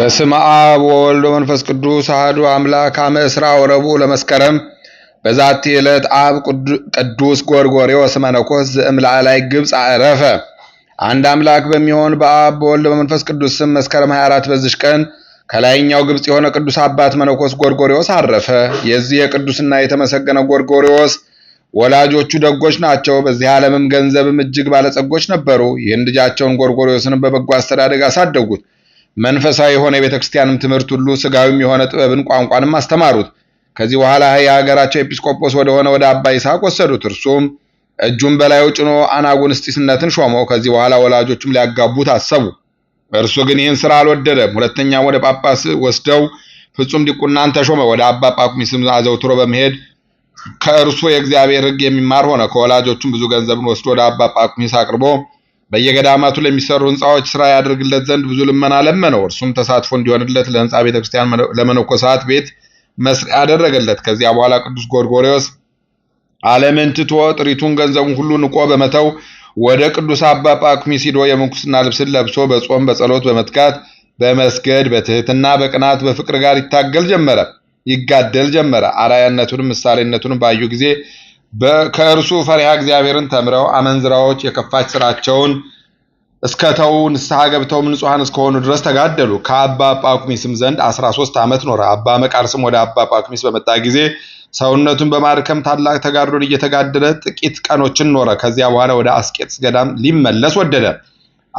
በስመ አብ ወወልድ ወመንፈስ ቅዱስ አሐዱ አምላክ አመ ዕስራ ወረቡዕ ለመስከረም በዛቲ ዕለት አብ ቅዱስ ጎርጎርዮስ መነኮስ ዘእምልዓላይ ግብፅ አረፈ። አንድ አምላክ በሚሆን በአብ በወልድ በመንፈስ ቅዱስ ስም መስከረም 24 በዚች ቀን ከላይኛው ግብፅ የሆነ ቅዱስ አባት መነኮስ ጎርጎርዮስ አረፈ። የዚህ የቅዱስና የተመሰገነ ጎርጎርዮስ ወላጆቹ ደጎች ናቸው። በዚህ ዓለምም ገንዘብም እጅግ ባለጸጎች ነበሩ። ይህን ልጃቸውን ጎርጎርዮስንም በበጎ አስተዳደግ አሳደጉት። መንፈሳዊ የሆነ የቤተ ክርስቲያንም ትምህርት ሁሉ ስጋዊም የሆነ ጥበብን ቋንቋንም አስተማሩት። ከዚህ በኋላ የሀገራቸው ኤጲስቆጶስ ወደሆነ ወደ አባ ይስሐቅ ወሰዱት። እርሱም እጁን በላዩ ጭኖ አናጉንስጢስነትን ሾመው። ከዚህ በኋላ ወላጆቹም ሊያጋቡት አሰቡ። እርሱ ግን ይህን ስራ አልወደደም። ሁለተኛም ወደ ጳጳስ ወስደው ፍጹም ዲቁናን ተሾመ። ወደ አባ ጳኩሚስም አዘውትሮ በመሄድ ከእርሱ የእግዚአብሔር ሕግ የሚማር ሆነ። ከወላጆቹም ብዙ ገንዘብን ወስዶ ወደ አባ ጳኩሚስ አቅርቦ በየገዳማቱ ለሚሰሩ ህንፃዎች ስራ ያደርግለት ዘንድ ብዙ ልመና ለመነው። እርሱም ተሳትፎ እንዲሆንለት ለህንፃ ቤተክርስቲያን፣ ለመነኮሳት ቤት መስሪያ አደረገለት። ከዚያ በኋላ ቅዱስ ጎርጎሪዎስ ዓለምን ትቶ ጥሪቱን ገንዘቡን ሁሉ ንቆ በመተው ወደ ቅዱስ አባ ጳኩሚስ ሂዶ የምንኩስና ልብስን ለብሶ በጾም በጸሎት በመትጋት በመስገድ በትህትና በቅናት በፍቅር ጋር ይታገል ጀመረ ይጋደል ጀመረ። አራያነቱንም ምሳሌነቱንም ባዩ ጊዜ ከእርሱ ፈሪሃ እግዚአብሔርን ተምረው አመንዝራዎች የከፋች ስራቸውን እስከተው ንስሐ ገብተውም ንጹሐን እስከሆኑ ድረስ ተጋደሉ። ከአባ ጳኩሚስም ዘንድ 13 ዓመት ኖረ። አባ መቃርስም ወደ አባ ጳኩሚስ በመጣ ጊዜ ሰውነቱን በማድከም ታላቅ ተጋድሎን እየተጋደለ ጥቂት ቀኖችን ኖረ። ከዚያ በኋላ ወደ አስቄጥስ ገዳም ሊመለስ ወደደ።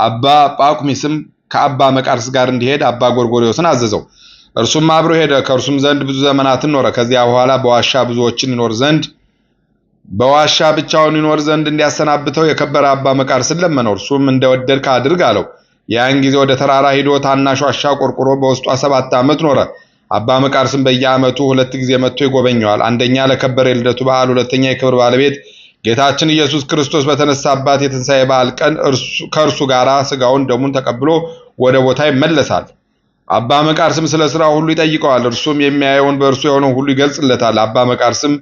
አባ ጳኩሚስም ከአባ መቃርስ ጋር እንዲሄድ አባ ጎርጎሪዎስን አዘዘው። እርሱም አብሮ ሄደ። ከእርሱም ዘንድ ብዙ ዘመናትን ኖረ። ከዚያ በኋላ በዋሻ ብዙዎችን ይኖር ዘንድ በዋሻ ብቻውን ይኖር ዘንድ እንዲያሰናብተው የከበረ አባ መቃርስን ለመነው። እርሱም እንደወደድክ አድርግ አለው። ያን ጊዜ ወደ ተራራ ሂዶ ታናሽ ዋሻ ቆርቁሮ በውስጧ ሰባት ዓመት ኖረ። አባ መቃርስም በየዓመቱ ሁለት ጊዜ መጥቶ ይጎበኘዋል። አንደኛ ለከበረ የልደቱ በዓል፣ ሁለተኛ የክብር ባለቤት ጌታችን ኢየሱስ ክርስቶስ በተነሳባት የትንሣኤ በዓል ቀን ከእርሱ ጋር ሥጋውን ደሙን ተቀብሎ ወደ ቦታ ይመለሳል። አባ መቃርስም ስለ ሥራ ሁሉ ይጠይቀዋል። እርሱም የሚያየውን በእርሱ የሆነው ሁሉ ይገልጽለታል። አባ መቃርስም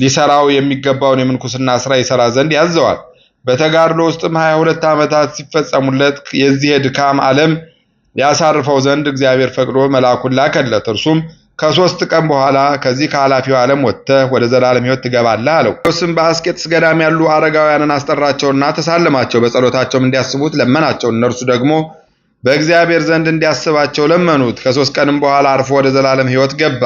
ሊሰራው የሚገባውን የምንኩስና ስራ ይሰራ ዘንድ ያዘዋል። በተጋድሎ ውስጥም ሀያ ሁለት ዓመታት ሲፈጸሙለት የዚህ የድካም ዓለም ያሳርፈው ዘንድ እግዚአብሔር ፈቅዶ መልአኩን ላከለት። እርሱም ከሶስት ቀን በኋላ ከዚህ ከኃላፊው ዓለም ወጥተህ ወደ ዘላለም ሕይወት ትገባለህ አለው። ጳውሎስም በአስቄጥስ ገዳም ያሉ አረጋውያንን አስጠራቸውና ተሳለማቸው። በጸሎታቸውም እንዲያስቡት ለመናቸው። እነርሱ ደግሞ በእግዚአብሔር ዘንድ እንዲያስባቸው ለመኑት። ከሶስት ቀንም በኋላ አርፎ ወደ ዘላለም ሕይወት ገባ።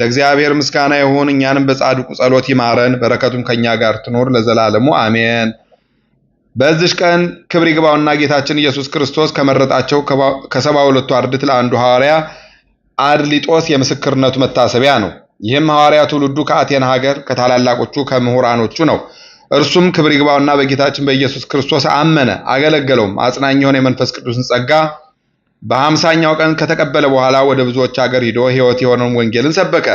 ለእግዚአብሔር ምስጋና ይሁን። እኛንም በጻድቁ ጸሎት ይማረን፣ በረከቱም ከኛ ጋር ትኖር ለዘላለሙ አሜን። በዚች ቀን ክብር ይግባውና ጌታችን ኢየሱስ ክርስቶስ ከመረጣቸው ከሰባ ሁለቱ አርድእት ለአንዱ ሐዋርያ አድሊጦስ የምስክርነቱ መታሰቢያ ነው። ይህም ሐዋርያ ትውልዱ ከአቴና ሀገር ከታላላቆቹ ከምሁራኖቹ ነው። እርሱም ክብር ይግባውና በጌታችን በኢየሱስ ክርስቶስ አመነ፣ አገለገለውም። አጽናኝ የሆነ የመንፈስ ቅዱስን ጸጋ በአምሳኛው ቀን ከተቀበለ በኋላ ወደ ብዙዎች አገር ሂዶ ሕይወት የሆነውን ወንጌልን ሰበከ።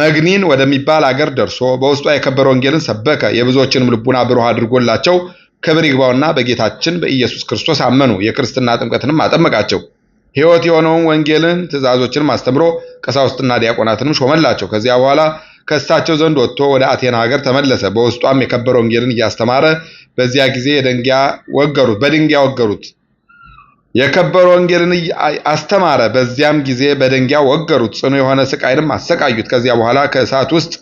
መግኒን ወደሚባል አገር ደርሶ በውስጧ የከበረ ወንጌልን ሰበከ። የብዙዎችንም ልቡና ብሩህ አድርጎላቸው ክብር ይግባውና በጌታችን በኢየሱስ ክርስቶስ አመኑ። የክርስትና ጥምቀትንም አጠመቃቸው። ሕይወት የሆነውን ወንጌልን ትእዛዞችንም አስተምሮ ቀሳውስትና ዲያቆናትንም ሾመላቸው። ከዚያ በኋላ ከእሳቸው ዘንድ ወጥቶ ወደ አቴና ሀገር ተመለሰ። በውስጧም የከበረ ወንጌልን እያስተማረ በዚያ ጊዜ የደንጊያ ወገሩት በድንጋይ ወገሩት። የከበረ ወንጌልን አስተማረ። በዚያም ጊዜ በድንጋይ ወገሩት፣ ጽኑ የሆነ ስቃይንም አሰቃዩት። ከዚያ በኋላ ከእሳት ውስጥ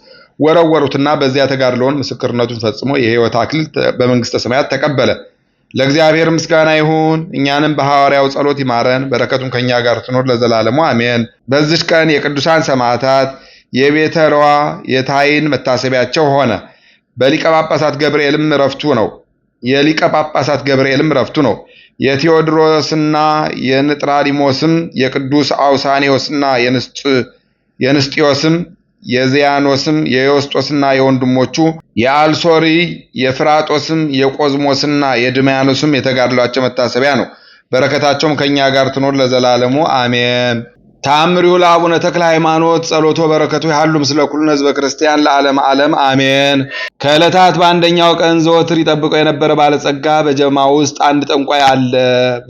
ወረወሩትና በዚያ ተጋድሎውን ምስክርነቱን ፈጽሞ የሕይወት አክሊል በመንግሥተ ሰማያት ተቀበለ። ለእግዚአብሔር ምስጋና ይሁን። እኛንም በሐዋርያው ጸሎት ይማረን፣ በረከቱም ከእኛ ጋር ትኖር ለዘላለሙ አሜን። በዚች ቀን የቅዱሳን ሰማዕታት የቤተልዋ የታይን መታሰቢያቸው ሆነ። በሊቀ ጳጳሳት ገብርኤልም ረፍቱ ነው። የሊቀ ጳጳሳት ገብርኤልም ረፍቱ ነው። የቴዎድሮስና የንጥራዲሞስም የቅዱስ አውሳኔዎስና የንስጢዮስም የዚያኖስም የዮስጦስና የወንድሞቹ የአልሶሪ የፍራጦስም የቆዝሞስና የድማያኖስም የተጋድሏቸው መታሰቢያ ነው። በረከታቸውም ከእኛ ጋር ትኖር ለዘላለሙ አሜን። ተአምሪው ለአቡነ ተክለ ሃይማኖት ጸሎቶ በረከቱ ያሉ ምስለ ኩልነ ህዝበ ክርስቲያን ለዓለም ዓለም አሜን። ከዕለታት በአንደኛው ቀን ዘወትር ይጠብቀው የነበረ ባለጸጋ በጀማ ውስጥ አንድ ጠንቋይ አለ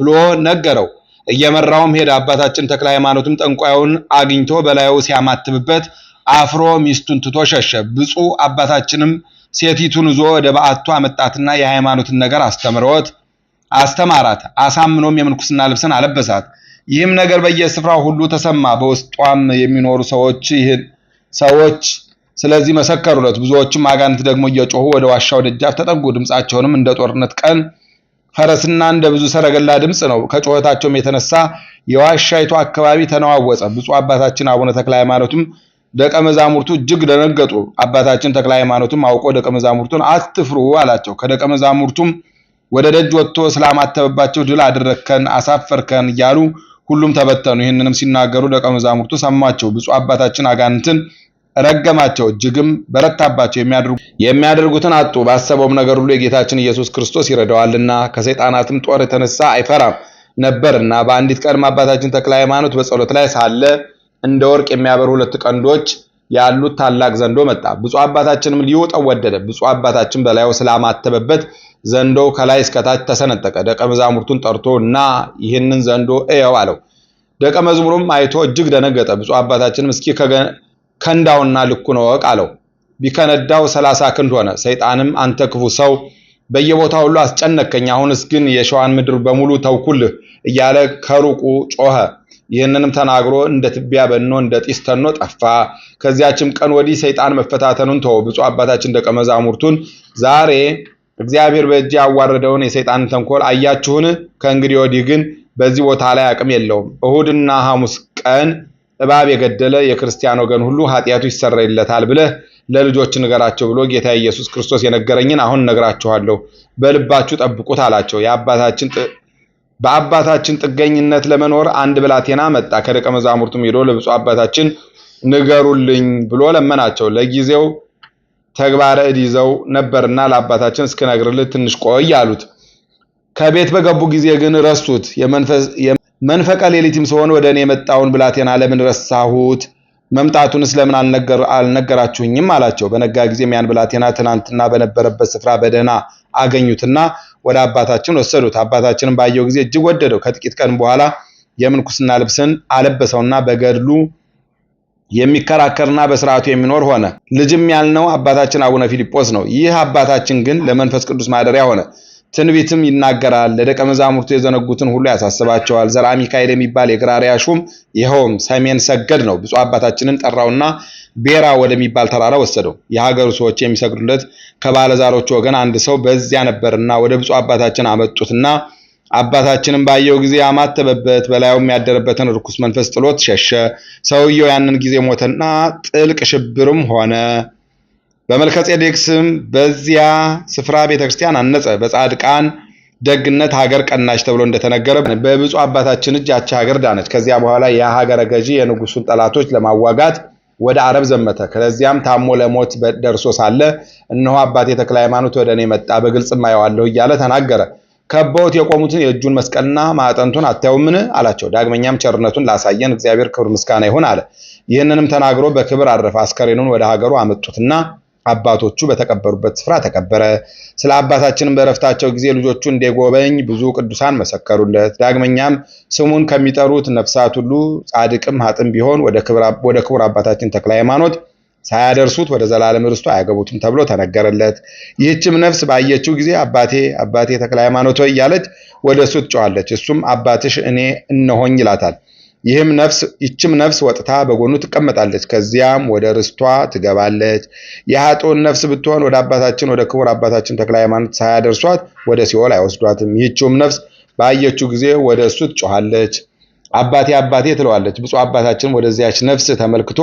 ብሎ ነገረው። እየመራውም ሄደ። አባታችን ተክለ ሃይማኖትም ጠንቋዩን አግኝቶ በላዩ ሲያማትብበት አፍሮ ሚስቱን ትቶ ሸሸ። ብፁ አባታችንም ሴቲቱን ይዞ ወደ በዓቱ አመጣትና የሃይማኖትን ነገር አስተምሮት አስተማራት። አሳምኖም የምንኩስና ልብስን አለበሳት። ይህም ነገር በየስፍራው ሁሉ ተሰማ። በውስጧም የሚኖሩ ሰዎች ይህን ሰዎች ስለዚህ መሰከሩለት። ብዙዎችም አጋንንት ደግሞ እየጮሁ ወደ ዋሻው ደጃፍ ተጠጉ። ድምፃቸውንም እንደ ጦርነት ቀን ፈረስና እንደ ብዙ ሰረገላ ድምፅ ነው። ከጩኸታቸውም የተነሳ የዋሻይቱ አካባቢ ተነዋወጸ። ብፁዕ አባታችን አቡነ ተክለ ሃይማኖትም ደቀ መዛሙርቱ እጅግ ደነገጡ። አባታችን ተክለ ሃይማኖትም አውቆ ደቀ መዛሙርቱን አትፍሩ አላቸው። ከደቀ መዛሙርቱም ወደ ደጅ ወጥቶ ስላማተበባቸው ድል አደረግከን፣ አሳፈርከን እያሉ ሁሉም ተበተኑ። ይህንንም ሲናገሩ ደቀ መዛሙርቱ ሰማቸው። ብፁዕ አባታችን አጋንንትን ረገማቸው፣ እጅግም በረታባቸው፣ የሚያደርጉትን አጡ። ባሰበውም ነገር ሁሉ የጌታችን ኢየሱስ ክርስቶስ ይረዳዋልና ከሰይጣናትም ጦር የተነሳ አይፈራም ነበርና። በአንዲት ቀንም አባታችን ተክለ ሃይማኖት በጸሎት ላይ ሳለ እንደ ወርቅ የሚያበሩ ሁለት ቀንዶች ያሉት ታላቅ ዘንዶ መጣ። ብፁዕ አባታችንም ሊውጠው ወደደ። ብፁዕ አባታችን በላዩ ስላማተበበት ዘንዶው ከላይ እስከታች ተሰነጠቀ። ደቀ መዛሙርቱን ጠርቶ እና ይህንን ዘንዶ እየው አለው። ደቀ መዝሙሩም አይቶ እጅግ ደነገጠ። ብፁዕ አባታችንም እስኪ ከንዳውና ልኩን እወቅ አለው። ቢከነዳው ሰላሳ ክንድ ሆነ። ሰይጣንም አንተ ክፉ ሰው በየቦታው ሁሉ አስጨነከኝ፣ አሁንስ ግን የሸዋን ምድር በሙሉ ተውኩልህ እያለ ከሩቁ ጮኸ። ይህንንም ተናግሮ እንደ ትቢያ በኖ እንደ ጢስ ተኖ ጠፋ። ከዚያችም ቀን ወዲህ ሰይጣን መፈታተኑን ተወ። ብፁዕ አባታችን ደቀ መዛሙርቱን ዛሬ እግዚአብሔር በእጅ ያዋረደውን የሰይጣን ተንኮል አያችሁን? ከእንግዲህ ወዲህ ግን በዚህ ቦታ ላይ አቅም የለውም። እሁድና ሐሙስ ቀን እባብ የገደለ የክርስቲያን ወገን ሁሉ ኃጢአቱ ይሰረይለታል ብለህ ለልጆች ንገራቸው ብሎ ጌታ ኢየሱስ ክርስቶስ የነገረኝን አሁን ነግራችኋለሁ፣ በልባችሁ ጠብቁት አላቸው። የአባታችን በአባታችን ጥገኝነት ለመኖር አንድ ብላቴና መጣ። ከደቀ መዛሙርቱም ሄዶ ለብፁዕ አባታችን ንገሩልኝ ብሎ ለመናቸው። ለጊዜው ተግባረ እድ ይዘው ነበርና ለአባታችን እስክነግርልህ ትንሽ ቆይ አሉት። ከቤት በገቡ ጊዜ ግን ረሱት። መንፈቀ ሌሊትም ሲሆን ወደ እኔ የመጣውን ብላቴና ለምን ረሳሁት? መምጣቱን ስለምን አልነገራችሁኝም? አላቸው። በነጋ ጊዜም ያን ብላቴና ትናንትና በነበረበት ስፍራ በደህና አገኙትና ወደ አባታችን ወሰዱት። አባታችንም ባየው ጊዜ እጅግ ወደደው። ከጥቂት ቀን በኋላ የምንኩስና ልብስን አለበሰውና በገድሉ የሚከራከርና በስርዓቱ የሚኖር ሆነ። ልጅም ያልነው አባታችን አቡነ ፊልጶስ ነው። ይህ አባታችን ግን ለመንፈስ ቅዱስ ማደሪያ ሆነ። ትንቢትም ይናገራል። ለደቀ መዛሙርቱ የዘነጉትን ሁሉ ያሳስባቸዋል። ዘራ ሚካኤል የሚባል የግራሪያ ሹም ይኸውም ሰሜን ሰገድ ነው። ብፁዕ አባታችንን ጠራውና ቤራ ወደሚባል ተራራ ወሰደው። የሀገሩ ሰዎች የሚሰግዱለት ከባለዛሮች ወገን አንድ ሰው በዚያ ነበርና ወደ ብፁዕ አባታችን አመጡትና አባታችንም ባየው ጊዜ አማተበበት፣ በላዩም ያደረበትን ርኩስ መንፈስ ጥሎት ሸሸ። ሰውየው ያንን ጊዜ ሞተና ጥልቅ ሽብርም ሆነ። በመልከጼዴቅ ስም በዚያ ስፍራ ቤተክርስቲያን አነጸ። በጻድቃን ደግነት ሀገር ቀናች ተብሎ እንደተነገረ በብፁ አባታችን እጅ አቻ ሀገር ዳነች። ከዚያ በኋላ የሀገረ ገዢ የንጉሱን ጠላቶች ለማዋጋት ወደ አረብ ዘመተ። ከዚያም ታሞ ለሞት ደርሶ ሳለ እነሆ አባቴ ተክለ ሃይማኖት ወደ እኔ መጣ፣ በግልጽ ማየዋለሁ እያለ ተናገረ። ከበውት የቆሙትን የእጁን መስቀልና ማዕጠንቱን አታዩምን አላቸው። ዳግመኛም ቸርነቱን ላሳየን እግዚአብሔር ክብር ምስጋና ይሁን አለ። ይህንንም ተናግሮ በክብር አረፈ። አስከሬኑን ወደ ሀገሩ አመጡትና አባቶቹ በተቀበሩበት ስፍራ ተቀበረ። ስለ አባታችንም በረፍታቸው ጊዜ ልጆቹ እንዲጎበኝ ብዙ ቅዱሳን መሰከሩለት። ዳግመኛም ስሙን ከሚጠሩት ነፍሳት ሁሉ ጻድቅም ሀጥም ቢሆን ወደ ክቡር አባታችን ተክለ ሃይማኖት ሳያደርሱት ወደ ዘላለም ርስቱ አያገቡትም ተብሎ ተነገረለት። ይህችም ነፍስ ባየችው ጊዜ አባቴ አባቴ ተክለ ሃይማኖት ሆይ እያለች ወደ እሱ ትጮኻለች። እሱም አባትሽ እኔ እነሆኝ ይላታል። ይህም ነፍስ ይችም ነፍስ ወጥታ በጎኑ ትቀመጣለች። ከዚያም ወደ ርስቷ ትገባለች። የኃጥኡን ነፍስ ብትሆን ወደ አባታችን ወደ ክቡር አባታችን ተክለ ሃይማኖት ሳያደርሷት ወደ ሲኦል አይወስዷትም። ይህችውም ነፍስ ባየችው ጊዜ ወደ እሱ ትጮኻለች። አባቴ አባቴ ትለዋለች። ብፁዕ አባታችን ወደዚያች ነፍስ ተመልክቶ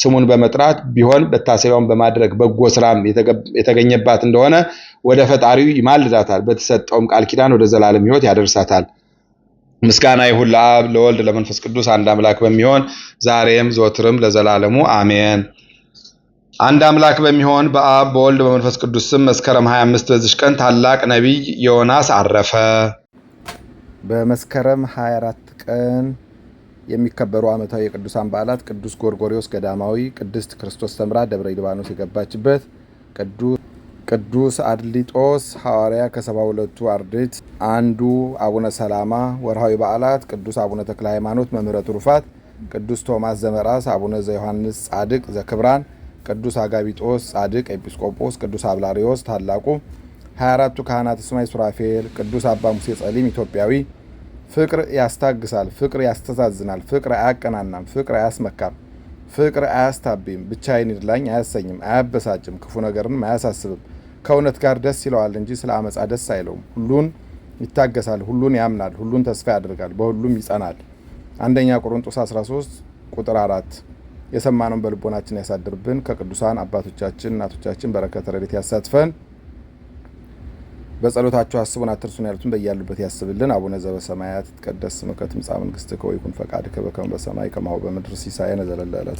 ስሙን በመጥራት ቢሆን መታሰቢያውን በማድረግ በጎ ስራም የተገኘባት እንደሆነ ወደ ፈጣሪው ይማልዳታል። በተሰጠውም ቃል ኪዳን ወደ ዘላለም ሕይወት ያደርሳታል። ምስጋና ይሁን ለአብ ለወልድ ለመንፈስ ቅዱስ አንድ አምላክ በሚሆን ዛሬም ዘወትርም ለዘላለሙ አሜን። አንድ አምላክ በሚሆን በአብ በወልድ በመንፈስ ቅዱስ ስም መስከረም 25 በዚች ቀን ታላቅ ነቢይ ዮናስ አረፈ። በመስከረም 24 ቀን የሚከበሩ ዓመታዊ የቅዱሳን በዓላት ቅዱስ ጎርጎሪዎስ ገዳማዊ፣ ቅድስት ክርስቶስ ሰምራ ደብረ ሊባኖስ የገባችበት፣ ቅዱስ አድሊጦስ ሐዋርያ ከሰባ ሁለቱ አርድእት አንዱ፣ አቡነ ሰላማ። ወርሃዊ በዓላት ቅዱስ አቡነ ተክለ ሃይማኖት መምህረ ትሩፋት፣ ቅዱስ ቶማስ ዘመራስ፣ አቡነ ዘዮሐንስ ጻድቅ ዘክብራን፣ ቅዱስ አጋቢጦስ ጻድቅ ኤጲስቆጶስ፣ ቅዱስ አብላሪዎስ ታላቁ፣ 24ቱ ካህናት ስማይ ሱራፌል፣ ቅዱስ አባ ሙሴ ጸሊም ኢትዮጵያዊ ፍቅር ያስታግሳል፣ ፍቅር ያስተዛዝናል፣ ፍቅር አያቀናናም፣ ፍቅር አያስመካም፣ ፍቅር አያስታብይም፣ ብቻዬን ይድላኝ አያሰኝም፣ አያበሳጭም፣ ክፉ ነገርንም አያሳስብም። ከእውነት ጋር ደስ ይለዋል እንጂ ስለ አመፃ ደስ አይለውም። ሁሉን ይታገሳል፣ ሁሉን ያምናል፣ ሁሉን ተስፋ ያደርጋል፣ በሁሉም ይጸናል። አንደኛ ቆሮንጦስ 13 ቁጥር 4 የሰማነውን በልቦናችን ያሳድርብን። ከቅዱሳን አባቶቻችን እናቶቻችን በረከተ ረድኤት ያሳትፈን። በጸሎታችሁ አስቡን አትርሱን ያሉትን በያሉበት ያስብልን። አቡነ ዘበሰማያት ይትቀደስ ስምከ ትምጻእ መንግስትከ ወይኩን ፈቃድከ በከመ በሰማይ ከማሁ በምድር ሲሳየነ ዘለለ